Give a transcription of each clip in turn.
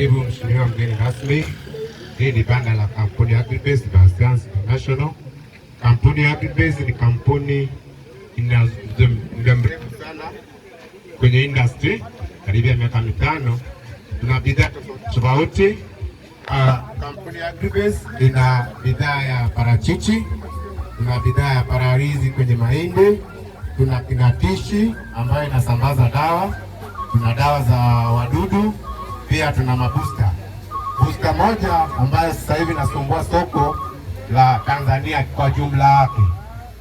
Karibu mheshimiwa mgeni rasmi. Hii ni banda la kampuni ya Agribees International. Kampuni ya ni kampuni ina muda mrefu sana kwenye industry, karibu ya miaka mitano. Tuna bidhaa tofauti. Ah, kampuni ya ina bidhaa ya parachichi, tuna bidhaa ya pararizi kwenye mahindi, tuna kinatishi ambayo inasambaza dawa, tuna dawa za pia tuna mabusta. Busta moja ambayo sasa hivi nasumbua soko la Tanzania kwa jumla yake,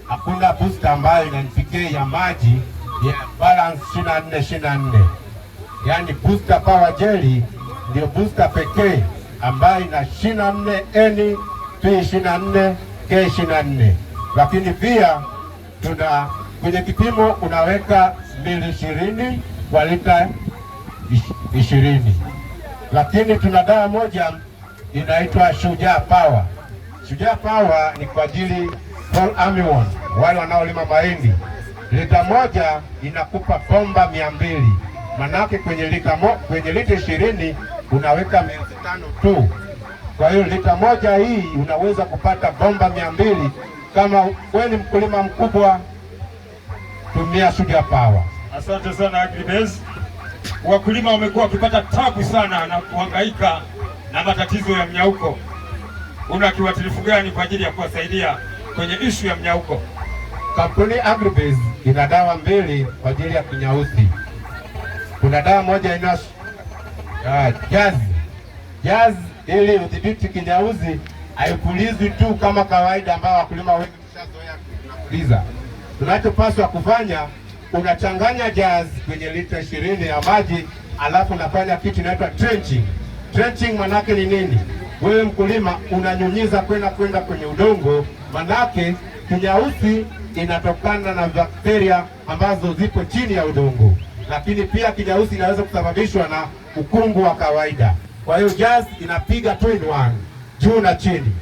hakuna busta ambayo inanifikia ya maji ya balance ishirini na nne ishirini na nne yaani busta power jeli ndio busta pekee ambayo ina ishirini na nne n p ishirini na nne k ishirini na nne lakini pia tuna kwenye kipimo unaweka mili ishirini kwa lita ishirini lakini tuna dawa moja inaitwa Shujaa Power. Shujaa Power ni kwa ajili Fall Armyworm, wale wanaolima mahindi. Lita moja inakupa bomba mia mbili, manake kwenye lita mo, kwenye lita ishirini unaweka mia tano tu. Kwa hiyo lita moja hii unaweza kupata bomba mia mbili. Kama wewe ni mkulima mkubwa, tumia Shujaa Power. Asante sana Agribase wakulima wamekuwa wakipata tabu sana na kuhangaika na matatizo ya mnyauko. Una kiuatilifu gani kwa ajili ya kuwasaidia kwenye ishu ya mnyauko? Kampuni Agribase ina dawa mbili kwa ajili ya kinyausi. Kuna dawa moja ina jazi jazi, ili udhibiti kinyausi. Haipulizwi tu kama kawaida, ambao wakulima wengi kupuliza. Tunachopaswa kufanya unachanganya jazz kwenye lita ishirini ya maji, alafu unafanya kitu inaitwa trenching. Trenching manake ni nini? Wewe mkulima unanyunyiza kwenda kwenda kwenye udongo, manake kinyausi inatokana na bakteria ambazo zipo chini ya udongo, lakini pia kinyausi inaweza kusababishwa na ukungu wa kawaida. Kwa hiyo jazz inapiga two in one, juu na chini.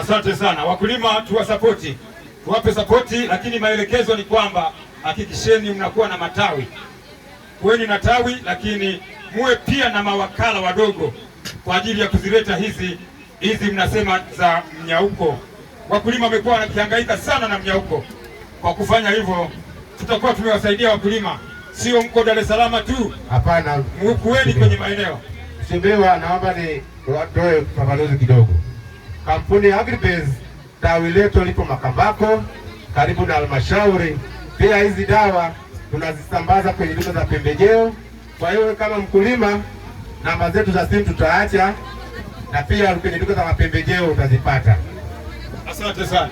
Asante sana wakulima, tuwasapoti, tuwape sapoti, lakini maelekezo ni kwamba hakikisheni mnakuwa na matawi, kuweni na tawi, lakini muwe pia na mawakala wadogo kwa ajili ya kuzileta hizi hizi mnasema za mnyauko. Wakulima wamekuwa wakihangaika sana na mnyauko. Kwa kufanya hivyo, tutakuwa tumewasaidia wakulima, sio mko Dar es Salaam tu, hapana, mkuweni kwenye maeneo. Msembewa, naomba ni watoe ufafanuzi kidogo. Kampuni ya Agribase tawi letu lipo Makambako, karibu na halmashauri pia hizi dawa tunazisambaza kwenye duka za pembejeo. Kwa hiyo kama mkulima, namba zetu za simu tutaacha, na pia kwenye duka za mapembejeo utazipata. Asante sana.